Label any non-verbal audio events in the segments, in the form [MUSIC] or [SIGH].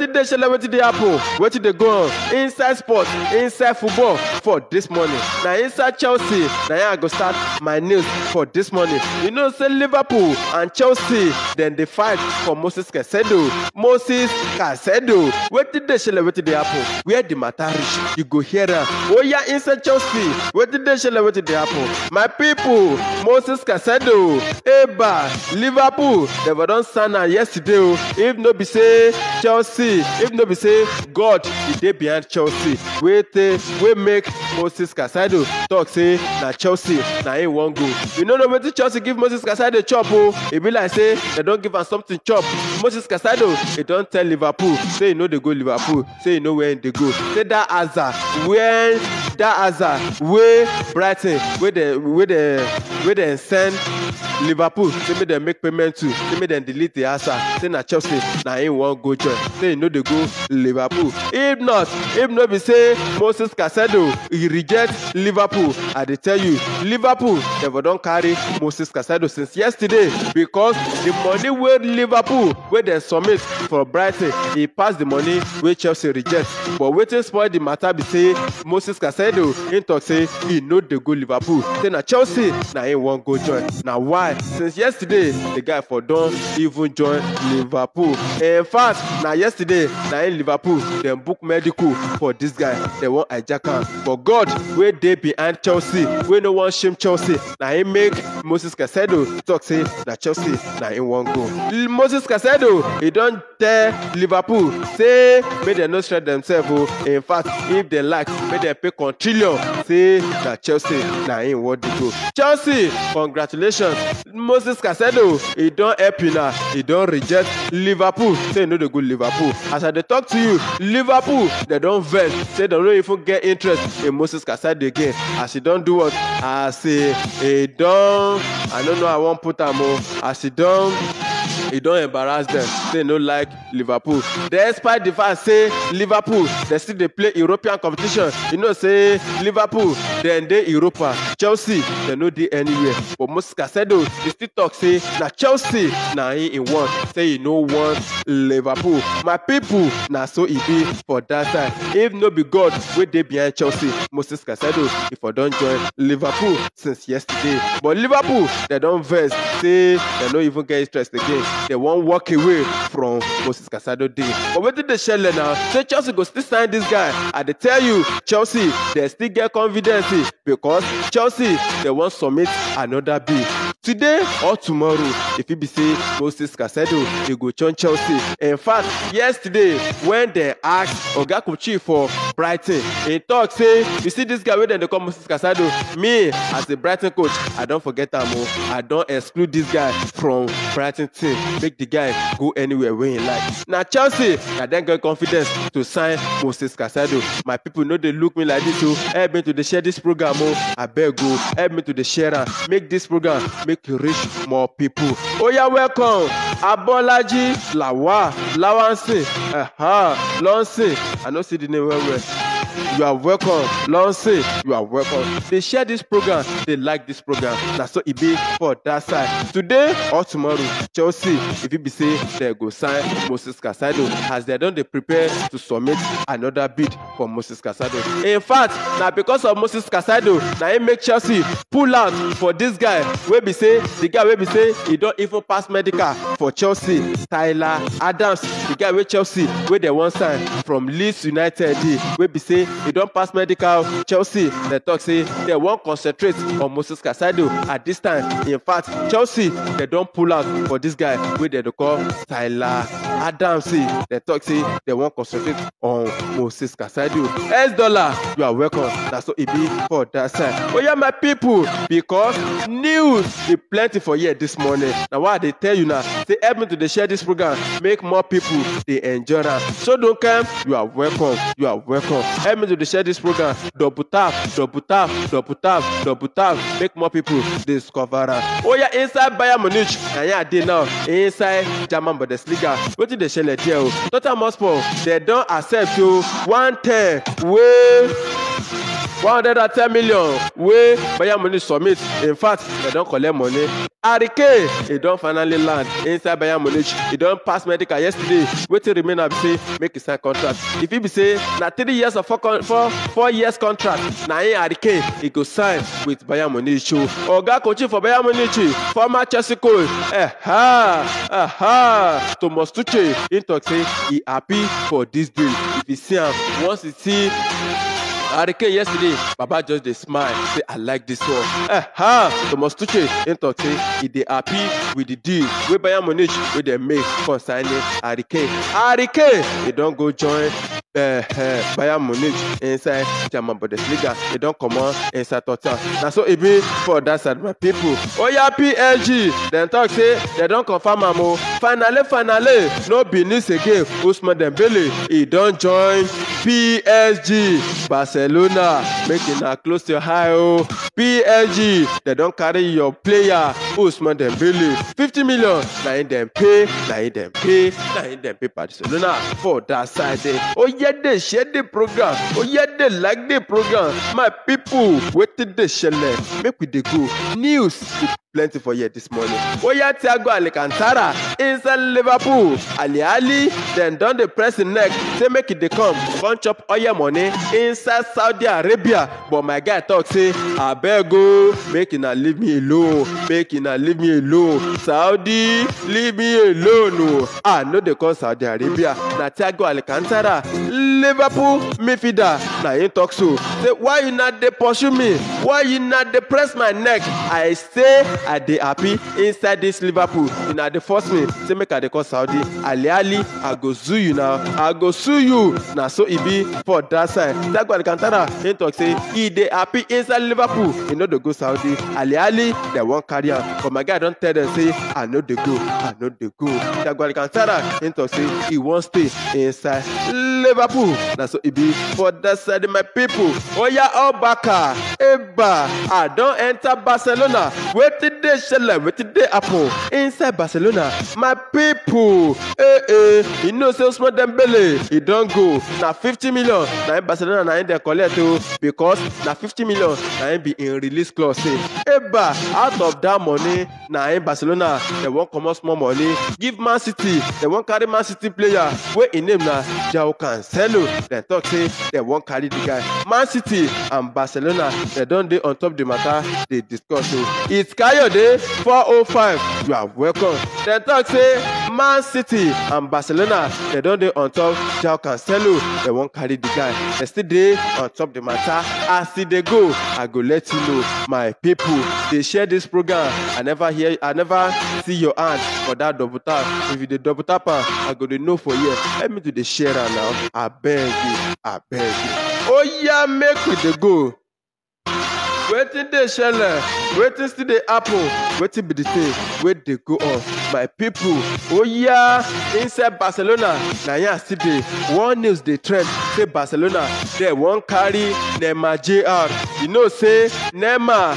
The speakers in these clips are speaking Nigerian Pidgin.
wetin dey shele wetin dey happen wetin dey go on inside sports, inside football for this morning na inside chelsea na im i go start my news for this morning you know say liverpool and chelsea dem dey fight for moses caicedo moses caicedo wetin dey shele wetin dey happen where di matter reach you go hear am oya oh inside chelsea wetin dey shele wetin dey happen my pipo moses caicedo eba liverpool dem don sign am yesterday o oh. if no be say chelsea if no be say god e dey behind chelsea wey wey make moses casado talk say na chelsea na im wan go you no know wetin chelsea give moses casado chop o oh? e be like say dem don give am something chop moses casado e don tell liverpool say e no dey go liverpool say e know where im e dey go say dat aza wen dat aza wey brighton wey dey wey dey wey dem send liverpool say make dem make payment to say make dem delete di answer say na chelsea na im wan go join say e no dey go liverpool if not if no be say moses casado e reject liverpool i dey tell you liverpool dem for don carry moses casado since yesterday because di money wey liverpool wey dem submit for brighton e pass di money wey chelsea reject but wetin spoil di matter be say moses casado im tok say e no dey go liverpool say na chelsea na him wan go join na why since yesterday the guy for don't even join liverpool in fact now yesterday now in liverpool dem book medical for this guy dem wan hijack am but god wey dey behind chelsea wey no one shame chelsea Now him make moses Casado talk say that chelsea now him won't go moses Casado, he don't tell liverpool say make dem not stress themselves in fact if they like make dem pay contrillion. say that chelsea now him wan dey go chelsea congratulations. Moses Casado, e don help una, e don reject Liverpool, say e no dey go Liverpool. As I dey talk to you, Liverpool, dem don vex, say dem no even get interest in Moses Casado again. As e don do what? As e e don, I no know I wan put am o, as e don e don embarrass them. They no like liverpool despite di fact say liverpool dem still dey play european competition you know say liverpool dem dey europa chelsea dem no dey anywhere but moses casedo e still talk say na chelsea na im e want say he no want liverpool my pipo na so e be for dat time if no be god wey dey behind chelsea moses casedo e for don join liverpool since yesterday but liverpool dem don vex say dem no even get interest again they won't walk away from Moses Casado deal. But what did they shell now? Say Chelsea go still sign this guy. And they tell you, Chelsea, they still get confidence eh, because Chelsea, they won't submit another bid today or tomorrow if fit be say moses casado dey go join chelsea in fact yesterday when they asked oga kochi for brighton he tok say you see this guy when they dey call moses casado me as a brighton coach i don't forget am o oh. i don't exclude this guy from brighton team make the guy go anywhere where he like Now chelsea I then get confidence to sign moses casado my people know they look me like this too. Oh. help me to dey share this program I oh. beg you, help me to dey share am make this program make make reach more people. Oh, yá welcome Abolaji, Lawa, Lawanse, uh-huh, lọ́nsìn i no see the name well well. You are welcome, Lonsi. You are welcome. They share this program. They like this program. That's so e be for that side. Today or tomorrow, Chelsea, if it be say they go sign Moses Casado as they don They prepare to submit another bid back Moses Casado. In fact, now because of Moses Casado, now he make Chelsea pull out for this guy. Where be say the guy where be say he don't even pass medical for Chelsea. Tyler Adams, the guy with Chelsea where they one sign from Leeds United. Where be say he don't pass medical Chelsea. They talk say they won't concentrate on Moses Casado at this time. In fact, Chelsea they don't pull out for this guy where they call Tyler Adams. They talk say they won't concentrate on Moses Casado. do s dollar you are welcome That's so e be for that side yeah, my people, because news dey plenty for here this morning na why i dey tell una say help me to dey share this program make more people dey enjoy am sodunkem you are welcome you are welcome help me to dey share this program double tap double tap double tap double tap make more people discover am yeah, inside bayern munich na here i dey now inside german bundesliga wetin dey ṣẹlẹ̀ there o tottenham hotspur dem don accept o one ten there. one hundred and ten million wey Bayern Munich submit in fact dem don collect money Harry Kane e don finally land inside Bayern Munich e don pass medical yesterday wetin remain na be say make e sign contract e fit be say na three years of four four four years contract na im Harry Kane e go sign with Bayern Munich o oga coaching for Bayern Munich former Chelsea coach eh, ha, eh, ha, Thomas Tuchel im talk say e happy for dis deal if e see am once e see Arike yesterday, Baba just dey smile say I like this one. Eh, ha! Thomas Tuchel im talk say He dey happy with the deal wey Bayern Munich wey dem make concerning Harry Arike, Harry Kane don go join uh, uh, Bayern Munich inside German Bundesliga. They don't come on inside Tottenham. Now so it e be for that side my people. Oh yeah, PLG. Then talk say they don't confirm am. Finally, finally, no business again. Usman Dembele, he don't join PSG Barcelona make una close to eye o oh. PSG They don't carry your player Ousmane Dembele fifty million na im dem pay na im dem pay na im dem pay Barcelona for that side eh. oh, yeah, they share the program oh, they like the program my people wetin dey shele make we dey go news plenty for here this morning. Oya Thiago Alcantara inside Liverpool. Ali Ali then don dey press neck say make it e dey come up all your money inside Saudi Arabia but my guy talk say abeg o make una leave me alone make una leave me alone Saudi leave me alone o. I ah, no they call Saudi Arabia na Thiago Alcantara Liverpool midfielder na him talk so say why una dey pursue me why una dey press my neck I say i dey happy inside this liverpool una dey force me say make i dey call saudi ali ali i go sue you now. i go sue you na so e be for that side dagba alcantara He talk say he dey happy inside liverpool He no dey go saudi ali ali dem wan carry am but my guy don tell dem say i no dey go i no dey go dagba alcantara He talk say he wan stay inside liverpool na so e be for that side my people. oya oh obaka ah, eba i don enter barcelona wetin dey shele wetin dey happen inside barcelona my people. eh eh you know say usman dembele e don go na fifty million na im barcelona na in dey collect o oh, because na fifty million na im be in release clause eba out of that money na im barcelona dem wan comot small money give man city dem wan carry man city player wey im name na jao can cancelo They talk say they won't carry the guy man city and barcelona They don't dey on top the matter. They discuss it. it's kayode 405 you are welcome They talk say man city and barcelona they don't dey on top jao cancelo they won't carry the guy dem still dey on top the matter as e dey go i go let you know my people. They share this program i never hear i never see your hand for that double tap if you dey double tap ah, i go to know for you. Let me do the share now. I beg you I beg you Oh yeah, make with the go wetin dey shele wetin still dey happen wetin be the thing wey dey go on my pipo oya oh inside barcelona na yan still dey one news dey trend say barcelona dem wan carry neymar jr you know say neymar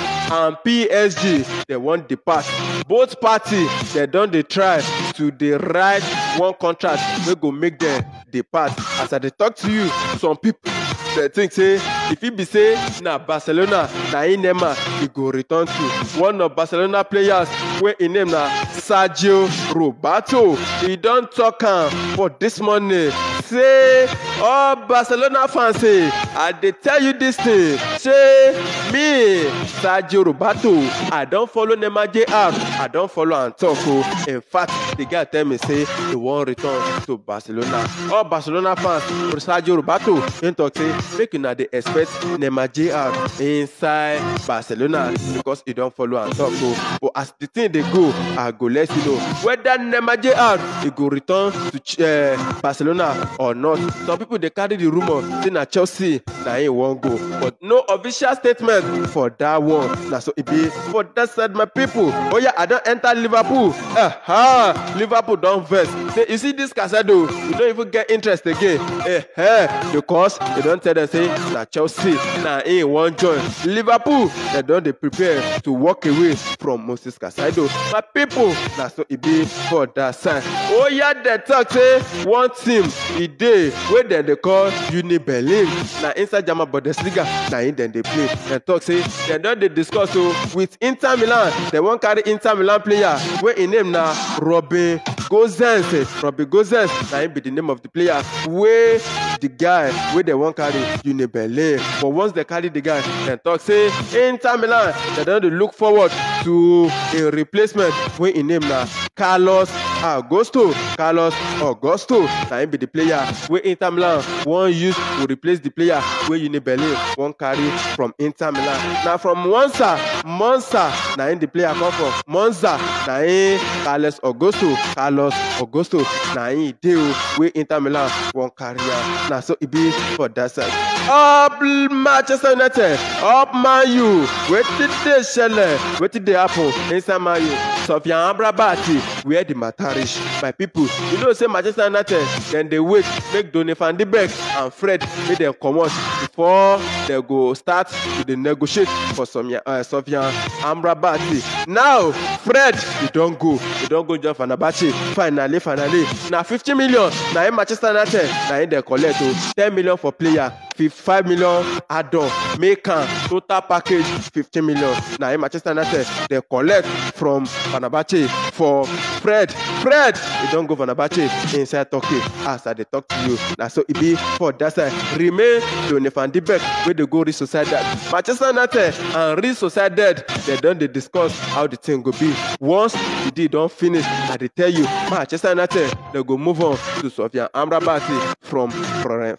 and psg dem wan depart both parties dem don dey try to dey write one contract wey go make dem depart as i dey talk to you some people dey think say e fit be say na barcelona na im neymar e go return to one of barcelona players wey im e name na sergio roberto e don talk am for dis morning say oh barcelona fans eh, i they tell you this thing say me sergio roberto i don't follow neymar jr i don't follow am oh. in fact the guy tell me say he won't return to barcelona Oh barcelona fans for sergio roberto im talk say make una dey expect neymar jr inside barcelona because he don't follow am talk oh. but as the thing they go i go let you know whether neymar jr He go return to uh, barcelona or not. Some people they carry the rumor say na Chelsea na him wan go, but no official statement for that one. Na so e be for that side my people. oh, yeah, I don't enter Liverpool. Eh, ha! Liverpool don't verse. Say you see this Casado, you don't even get interest again. Eh, hey, because they don't tell them say that Chelsea na him wan join. Liverpool they don't they prepare to walk away from Moses Casado. My people na so e be for that side. oh, yeah, they talk say one team di day wey dem dey call uni berlin na inside german bundesliga na im dem dey play dem talk say dem don dey discuss o oh, wit inter milan dem wan carry inter milan player wey im name na robin gozens robin gozens na im be di name of di player wey di guy wey dem wan carry uni berlin but once dem carry di guy dem talk say inter milan dem don dey look forward to a replacement wey im name na carlos Augusto Carlos Augusto na im be the player wey Inter Milan wan use to replace the player wey Union Berlin wan carry from Inter Milan. Na from Monza Monza na im the player come from Monza na im Carlos Augusto Carlos Augusto na im dey o wey Inter Milan wan carry am. Na so e be for that side up manchester united up man u wetin dey ṣẹlẹ̀ wetin dey happen inside man u sọfiàn abrabati where the matter reach my people you know say manchester united dem dey wait make donny van de beek and fred make dem comot before dem go start to dey negotiate for uh, sọfiàn amrabati now fred e don go e don go join fenerbahce finally finally na fifty million na im manchester united na im dem collect o ten million for player 55 million add-on make a total package 15 million Now, manchester united they collect from fenerbahce for fred fred don't go fenerbahce inside turkey as i talk to you now so it be for that side remain to van de Where they go real sociedad manchester united and real They don't they discuss how the thing go be once the deal don't finish i tell you manchester united they go move on to Sofia. amrabati from from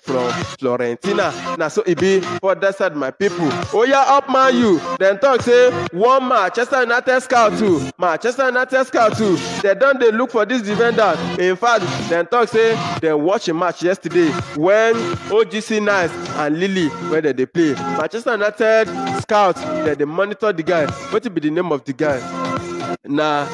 florentina na so e be for desert my pipo oya up man u dem talk say one manchester united scout too manchester united scout too dem don dey look for dis defender in fact dem talk say dem watch a match yesterday wen ogc nice and lily wey dem dey play manchester united scout dem dey monitor di guy wetin be di name of di guy. na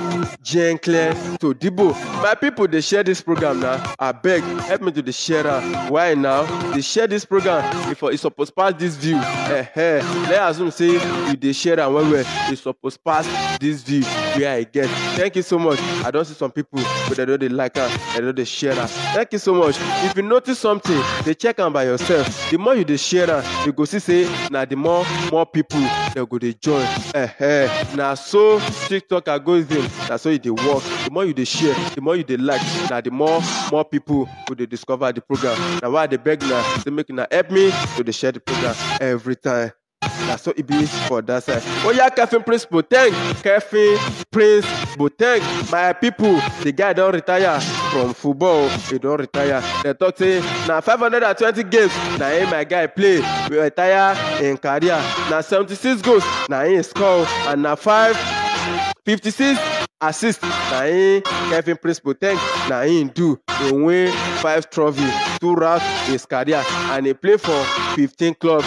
Jean Claire to Todibo. My people, they share this program now. I beg, help me to the share am. Why now? They share this program. If it's supposed to pass this view, eh, eh. Let's see say they share am When It's supposed to pass this view where I get. Thank you so much. I don't see some people, but they don't they like us. they don't they share us. Thank you so much. If you notice something, they check on by yourself. The more you they share am, you go see say now the more more people they go to join. Eh, eh. Now so TikTok algorithm na so e dey work the more you dey share the more you dey like na the more more people go dey discover the program na why i dey beg na say make una help me to dey share the program every time na so e be for that side oya kefin prince boteng kefin prince boteng my people the guy don retire from football he don retire dem talk say na five hundred and twenty games na him my guy play retire him career na seventy-six goals na him score and na five 56 assist na im kevin prince boateng na im do e win five trophies throughout his career and he play for fifteen clubs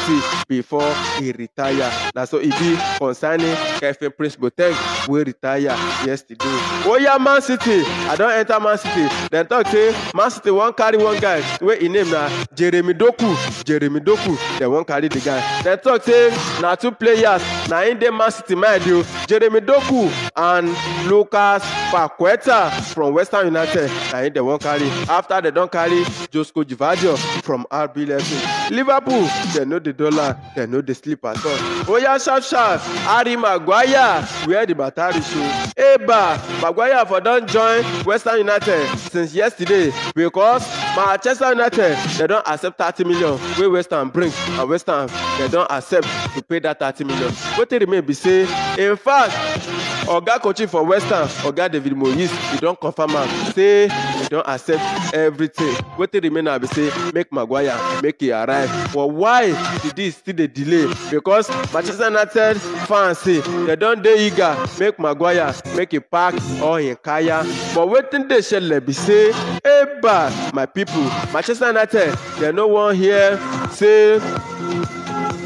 before he retire na so e be concerning kevin prince boateng wey retire yesterday. oya oh man city i don enter man city dem talk say man city wan carry one guy wey e name na jeremy doku jeremy doku dem wan carry the guy dem talk say na two players na im dey man city mind o jeremy doku and luke. Lucas Paqueta from Western United na him dem wan carry after dem don carry Josko Gvardiol from RB Leipzig. Liverpool dem no dey dollar dem no dey sleep at all. Oya sharp Harry Maguire where the matter reach o. Eba Maguire for don join Western United since yesterday because Manchester United dem don accept thirty million wey Western bring and Western Ham dem don accept to pay that thirty million. Wetin remain be say in fact oga coaching for west ham oga david moyes e don confam am say e don accept everything wetin remain na be say make maguire make e arrive but why di deal still dey delay because manchester united fans say dem don dey eager make maguire make e pack all im kaya but wetin dey shele be say eba eh, my pipo manchester united dem no wan hear say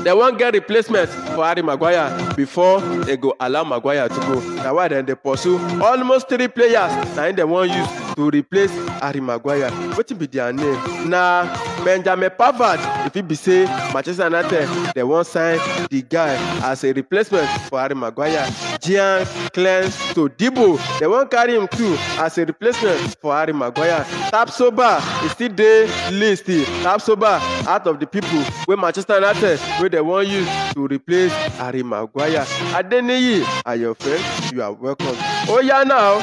They won't get replacement for Harry Maguire before they go allow Maguire to go. Now why then they pursue almost three players. Now they won't use to replace harry maguire wetin be their name na benjamin pavard If fit be say manchester united they wan sign the guy as a replacement for harry maguire gian clens to Debo, they wan carry him too as a replacement for harry maguire tapsoba is e still there, list tapsoba out of the people, wey manchester united wey they wan use to replace harry maguire adeniyi ayofe you are welcome oya oh, yeah, now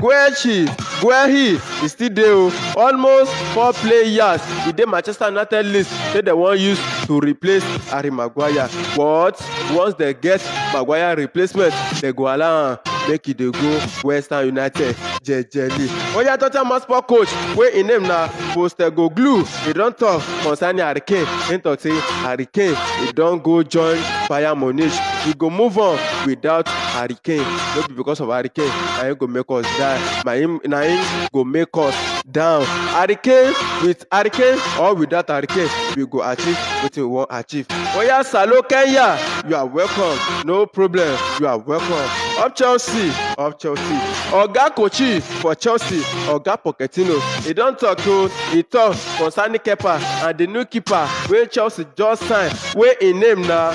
guechi guehi is still there. Oh. almost four players in the manchester united list say dem wan use to replace harry maguire but once they get maguire replacement they go along make e dey go western united jejely oya tottenham hotspur coach wey im name na postecoglou e don tok concerning harry kane im tok say harry kane e don go join bayern munich we go move on without harry kane no be because of harry kane na im go make us die na im go make us down harry kane with harry kane or without harry kane we go achieve wetin we wan achieve oya salo kenya you are welcome no problem you are welcome of chelsea of chelsea oga kochi for chelsea oga pochettino e don tok o oh. e tok concerning kepa and di new keeper wey chelsea just sign wey im name na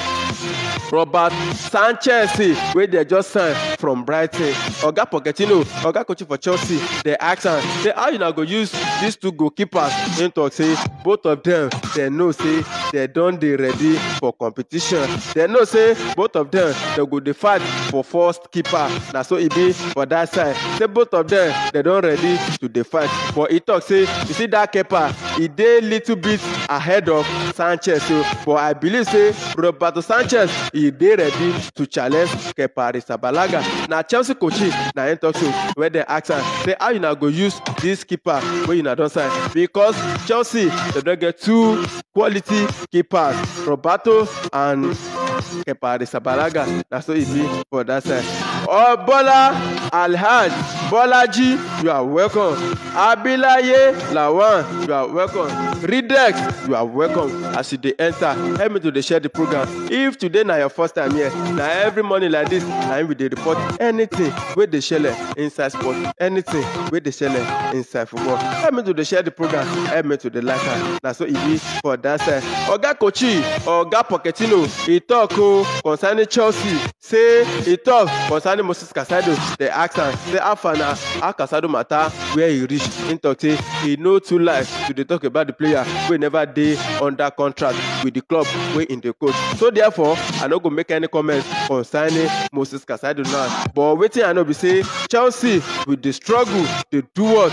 robert sanchez wey dem just sign from brighton oga pochettino oga coach for chelsea dem ask am say how una go use these two goalkeepers im tok say both of dem dem know say dem don dey ready for competition dem know say both of dem dem go dey fight for first keeper na so e be for dat side say both of dem dem don ready to dey fight but e tok say you see dat keeper e dey little bit ahead of Sanchez o but I believe say Roberto Sanchez he' dey ready to challenge Kepa Arrizabalaga na Chelsea coach na him talk to wey dem ask am say how una go use dis keeper wey una don sign because Chelsea dem don get two quality keepers Roberto and Kepa Arrizabalaga na so e be for dat side. Ọbọ́lá Alhaji Bọ́lájí you are welcome Abilaye Lawan you are welcome Redex, you are welcome as you dey enter help me to dey share the program if today na your first time here na every morning like this na im we dey report anything with the shele inside sport anything with the shele inside football help me to dey share the program help me to the like am that's so e be for that side oga kochi oga pochettino e talk concerning chelsea say e talk concerning moses casado The accent, the say corner akasado mata where he reach in tok say e no too like to dey tok about the player wey never dey under contract with the club wey im dey coach so therefore i no go make any comment concerning moses casado now but wetin i know be say chelsea with the struggle dey do what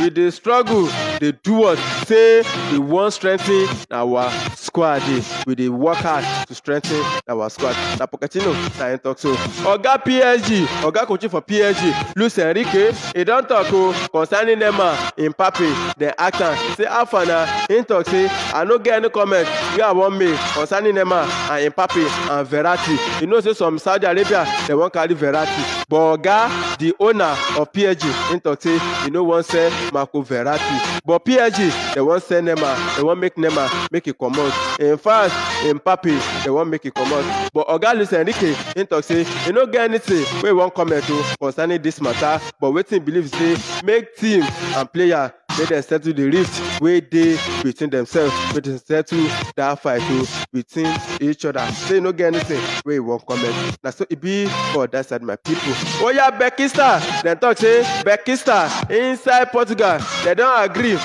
with the struggle dey do what say we wan strengthen our squad we dey work hard to strengthen our squad na pochettino na im tok so oga psg oga coaching for psg luis enrique e don tok o concerning neymar mbappe dem ask am say how far na im tok say i no get any comment wey i wan make concerning neymar and mbappe and verratti you know say some saudi arabia dem wan carry verratti but oga di owner of psg im tok say e no wan sell marco verratti but psg dem wan sell nema dem wan make nema make e comot in fact, in papi dem wan make e comot but oga luis enrique im talk say e no get anything wey e wan comment o concerning dis matter but wetin e believe say make team and player make dem settle the rift wey dey between themselves make dem settle that fight o between each other say you no get anything wey you wan comment na so e be for that side my people. oya bekista dem talk say bekista inside portugal dem don agree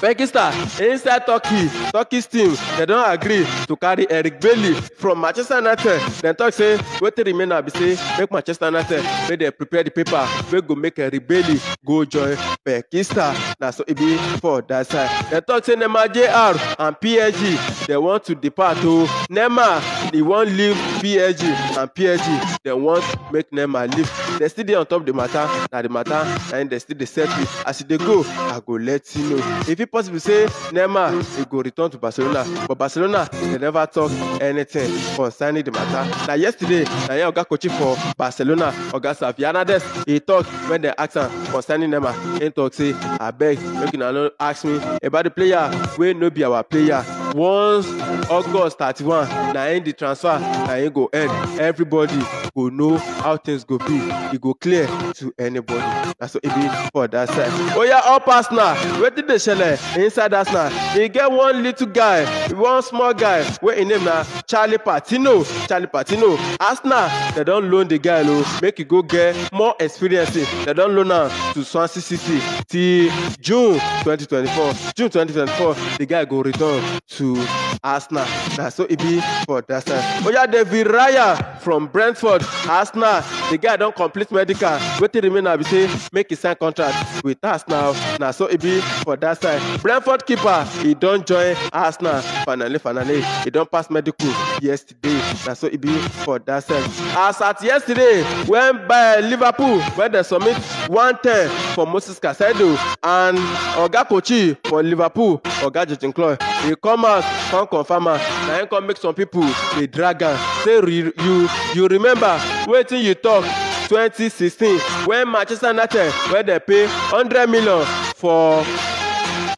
pakistan inside turkey turkish team they don't agree to carry eric bailey from manchester united dem tok say wetin remain now be say make manchester united make dem prepare the paper we go make eric bailey go join pakistan na so it e be for that side dem tok say neymar jr and psg they want to depart o neymar e won't leave png and png dem want make Neymar leave dem still dey on top the matter na the matter na im dem still dey settle as e dey go i go let you know e fit possible say Neymar e go return to barcelona but barcelona dem never talk anything concerning the matter na yesterday na im oga kochi for barcelona oga xavi hernandez e talk when dem ask am concerning Neymar. im talk say abeg make una no ask me about the player wey no be our player once august thirty-one na end the transfer na im go end everybody go know how things go be e go clear to anybody na so e be for that side. oya up arsenal wetin dey shele inside arsenal e get one little guy one small guy wey im e name na charlie patino charlie patino arsenal dem don loan the guy o make e go get more experience dem don loan am to swansea city till june 2024 june 2024 the guy go return to to Arsenal. That's what it be for that time. Oh yeah, David Raya from brentford arsenal the guy don't complete medical wetin remain na be say make his sign contract with arsenal na so it e be for that side brentford keeper he don't join arsenal finally finally he don't pass medical yesterday na so it e be for that side as at yesterday when by liverpool wen they submit one ten for moses casado and oga kochi for liverpool oga jejin cloy He come out come confirm am na come make some people dey dragon say you you remember wetin you talk 2016 when manchester united wey dey pay 100 million for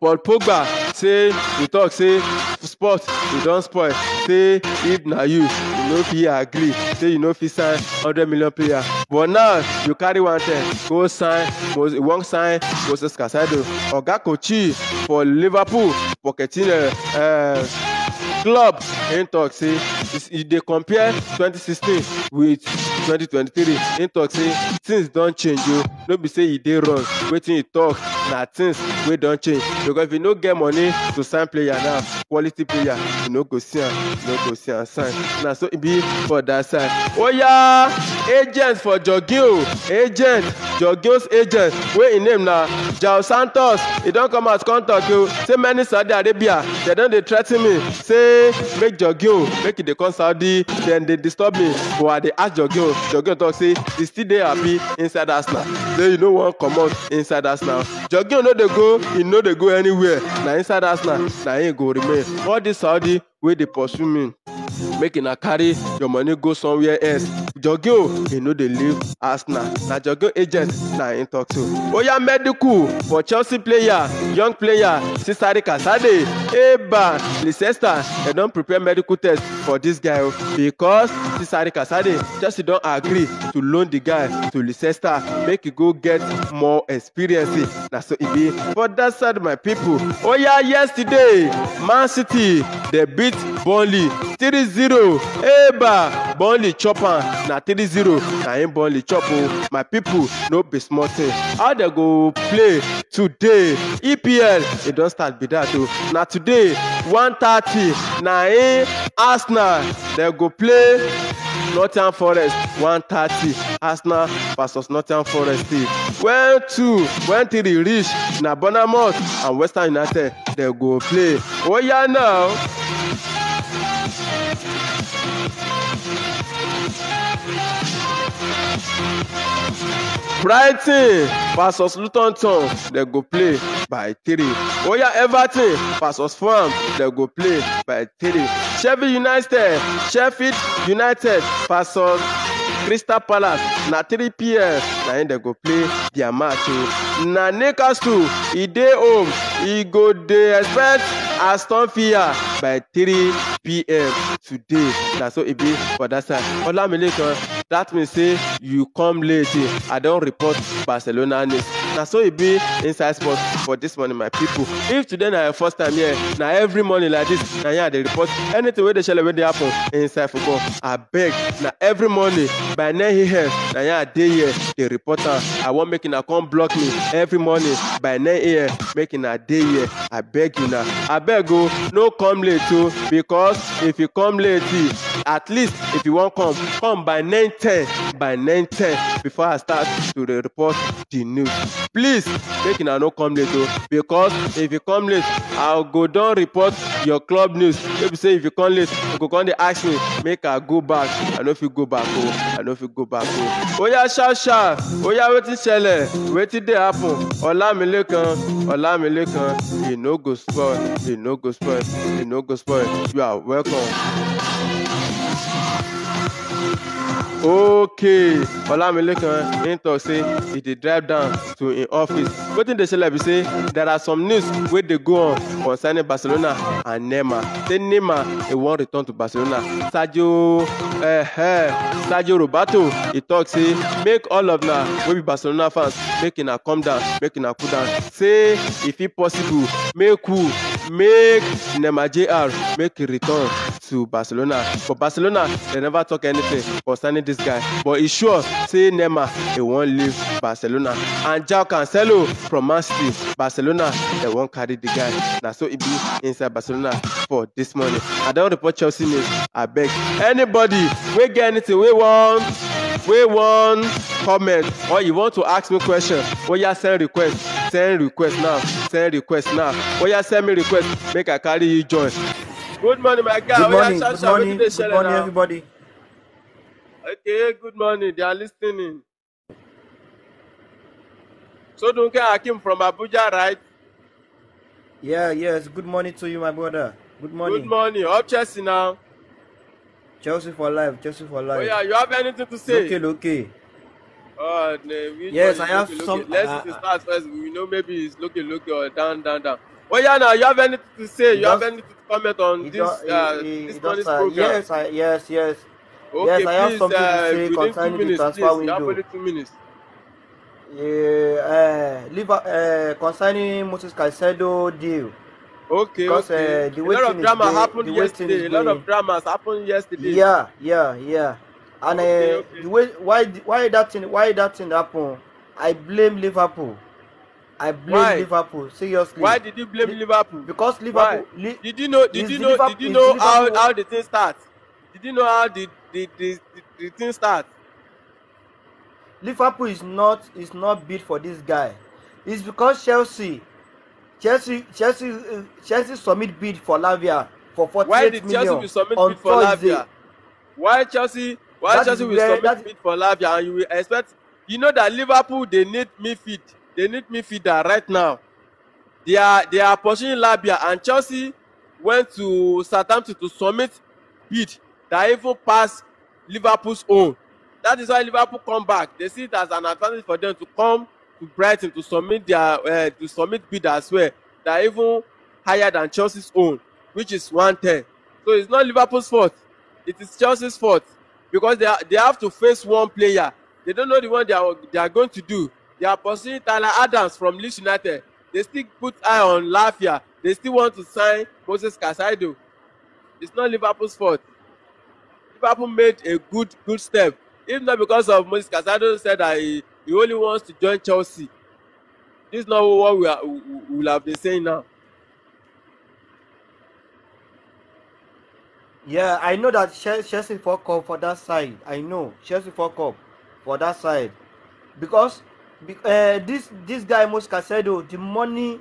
paul pogba say you talk say sport you don spoil say if na you you no fit agree say you no fit sign 100 million player but now you carry one ten go sign you wan sign moses casado oga kochi for liverpool pochettino. Uh, eh, eh, Club im tok say e dey compare 2016 with 2023 im tok say tins don change o no be say e dey wrong wetin e talk, na tins wey don change becos if you no get money to sign player now quality player you no go see am you no go see am sign na so e be for that side. oya agent for jorginho agent jorginho's agent wey im e name na jao santos e don come out come talk o say many saudi arabia dem don dey threa ten me say make jorginho make e dey come saudi dem dey disturb me but i dey ask jorginho jorginho talk say e still dey happy inside arsenal say e no wan comot inside arsenal jorginho no dey go e no dey go anywhere na inside arsenal na im go remain. What is Saudi wey dey pursue me make una carry your money go somewhere else jogio e no dey leave arsenal na jogio agent na im tok so oya medical for chelsea player young player sisari kasade eba leicester dem don prepare medical test for dis guy o because sisari kasade chelsea don agree to loan di guy to leicester make e go get more experience na so e be for dat side my pipo oya yesterday man city dey beat beat burnley 3-0 eba burnley chop am na 3-0 na im burnley chop o my pipo no be small thing how dem go play today epl e don start be dat o na today thirty. na im arsenal dem go play Nottingham Forest 130 Arsenal versus Nottingham Forest still when two when three reach na Bournemouth and Western United dey go play oya oh, now. Thank brighton vs luton town they go play by three oya everton vs fulham they go play by three sheffield united sheffield united versus crystal palace na 3pm na im dem go play their match o oh. na newcastle e dey home e go dey expect aston villa by 3pm today na so e be for that side olamilekan that means say you come late I don't report barcelona news Now so it be inside sports for this morning my people. if today na your first time here now every morning like this, now here they report anything where they shall where they happen inside football beg. Now every morning by 9 he has now i day here dey reporter. am i want make una come block me every morning by 9 here making a day here now. I beg you. no come late too. because if you come late at least if you won't come come by 9 Ten by nine ten. before i start to dey report the news please make una no come late o because if you come late i go don report your club news wey be say if you come late you go come dey ask me make i go back i no fit go back o i no fit go back o. oya ṣá ṣá oya wetin ṣẹlẹ̀ wetin dey happen ọlámilékan ọlámilékan e no go spoil e no go spoil e no go spoil you are welcome okay olamilekan im tok say e dey drive down to im office wetin dey shele be say there are some news wey dey go on concerning barcelona and neymar say neymar e wan return to barcelona sergio eh, eh, sergio roberto e tok say make all of una wey be barcelona fans make una come down make una cool down say e fit possible make who? make neymar jr make e return to Barcelona. For Barcelona, they never talk anything concerning this guy. But it's sure, say Neymar, he won't leave Barcelona. And Joao Cancelo from Man City, Barcelona, they won't carry the guy. Now so it be inside Barcelona for this morning. I don't report Chelsea news. I beg anybody, we get anything we want. we want comment or you want to ask me question oya oh send request send request now send request now oya oh send me request make i carry you join Good morning, my guy. Good oh, morning, good morning, good morning now. everybody. Okay, good morning. They are listening. So don't care. I came from Abuja, right? Yeah, yes. Good morning to you, my brother. Good morning. Good morning. Up Chelsea now. Chelsea for life. Chelsea for oh, life. Oh yeah, you have anything to say? Okay, okay. Uh, yes, I have looking, some. Let's uh, start first. We know maybe it's looking, looking or down, down, down. Oh yeah, now you have anything to say? You just, have anything to comment on this, uh, he, this, does, program? Yes, I, yes, yes. Okay, yes, please, I have something uh, to say concerning minutes, the transfer please, window. Two minutes. Yeah, uh, Liver, uh, concerning Moses Caicedo deal. Okay, because, okay. Uh, the a lot of drama day, happened yesterday. A lot of dramas happened yesterday. Yeah, yeah, yeah. And okay, uh, okay. the way why why that thing why that thing happened, I blame Liverpool. I blame Why? Liverpool seriously. Why did you blame Li Liverpool? Because Liverpool. Li did you know? Did you know? Liverpool, did you know how how the thing start? Did you know how the the the, the, the thing start? Liverpool is not is not bid for this guy. It's because Chelsea, Chelsea, Chelsea, Chelsea submit bid for Lavia for forty-eight million on Thursday. Why did Chelsea submit bid for Lavia? Why Chelsea? Why that Chelsea will submit bid for Lavia and you will expect? You know that Liverpool they need midfield. They need midfielder right now. They are they are pursuing Labia and Chelsea went to Southampton to submit bid that even passed Liverpool's own. That is why Liverpool come back. They see it as an advantage for them to come to Brighton to submit their uh, to submit bid as well that even higher than Chelsea's own, which is one ten. So it's not Liverpool's fault. It is Chelsea's fault because they are, they have to face one player. They don't know the one they are they are going to do. They are pursuing Tyler Adams from Leeds United. They still put eye on Lafia. They still want to sign Moses Casado. It's not Liverpool's fault. Liverpool made a good good step. Even though because of Moses Casado said that he, he only wants to join Chelsea. This is not what we, are, we will have been saying now. Yeah, I know that Chelsea fuck up for that side. I know Chelsea fuck up for that side because Be, uh, this this guy said, oh, the money,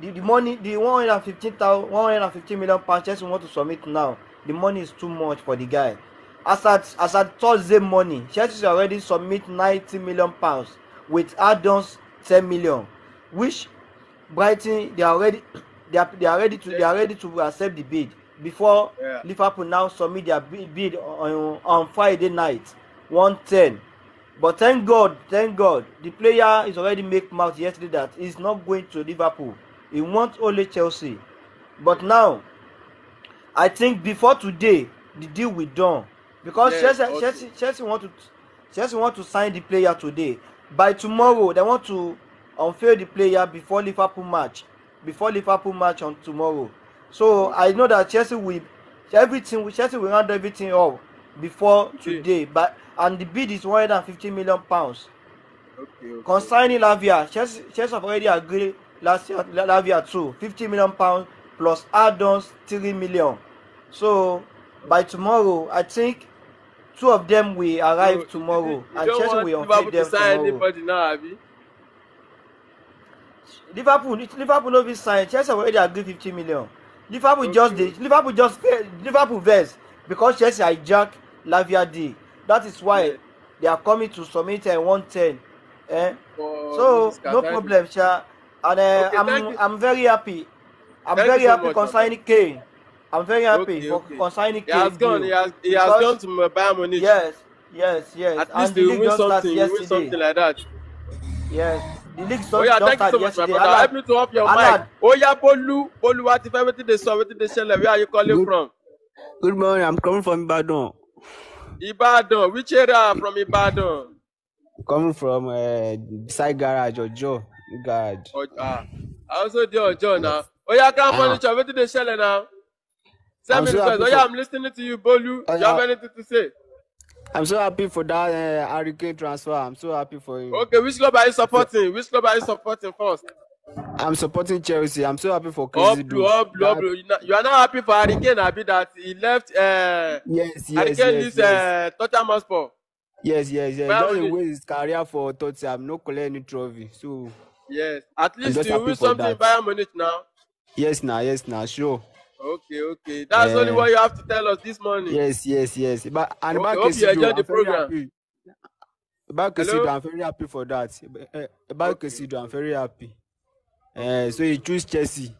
the, the money, the 115, 115 million pounds. Chelsea want to submit now. The money is too much for the guy. As at as at Thursday morning, Chelsea already submit 90 million pounds with add-ons 10 million, which Brighton they are ready [COUGHS] they are, they are ready to they are ready to accept the bid before yeah. Liverpool now submit their bid on on Friday night 110 But thank God, thank God, the player is already make mouth yesterday that he's not going to Liverpool. He wants only Chelsea. But now, I think before today, the deal will done because yeah, Chelsea, Chelsea, Chelsea want to Chelsea want to sign the player today. By tomorrow, they want to unveil the player before Liverpool match, before Liverpool match on tomorrow. So I know that Chelsea will everything. Chelsea will round everything up before today, but and the bid is 150 million pounds. Okay, okay. Concerning Lavia, Chelsea, Chelsea have already agreed last year Lavia too, 50 million pounds plus add-ons 3 million. So by tomorrow, I think two of them will arrive so, tomorrow, you and Chelsea will unveil them to tomorrow. Anybody now, Abi? Liverpool, Liverpool no be signed. Chelsea already agreed 50 million. Liverpool okay. just dey Liverpool just Liverpool vex because Chelsea hijack Lavia deal that is why they are coming to submit uh, 110 eh? For so no problem sha and uh, okay, i'm i'm very happy i'm thank very happy so much, concerning man. kane i'm very happy okay, for consigning concerning kane he has gone he has, he has gone to bayern munich yes yes yes at least and he win something he win something like that yes the league oh, yeah, thank you so yesterday brother. help me to off your ala, mic oh, yeah, bolu bolu what ti everything they dey sup wetin dey where are you calling good, from. good morning i'm coming from ibadan. Ibadan, which area from Ibadan? Coming from uh, beside garage Ojo garage. Oh, Ah. I also do Ojo now. Oh, Oya Crown Furniture, wetin dey ṣẹlẹ̀ now? Seven minutes, Oya, for... I'm listening to you, Bolu. Oya. You have anything to say? I'm so happy for that uh, hurricane transfer. I'm so happy for you. Okay, which club are you supporting? Which club are you supporting first? I'm supporting Chelsea. I'm so happy for Crazy Blue. Oblu, that... Oblu. You are not happy for Harry Kane, happy that he left. Uh, yes, yes, Harry Kane yes, leaves uh, yes. uh, Tottenham Hotspur. Yes, yes, yes. Well, Don't waste his career for Tottenham. No collect any trophy. So yes, at least you win something by a minute now. Yes, now, nah, yes, now, nah, sure. Okay, okay. That's uh, only eh. what you have to tell us this morning. Yes, yes, yes. But and okay, hope you enjoy the program. Happy. About Kesido, I'm very happy for that. About eh, eh, okay. I'm very happy uh, so he choose Chelsea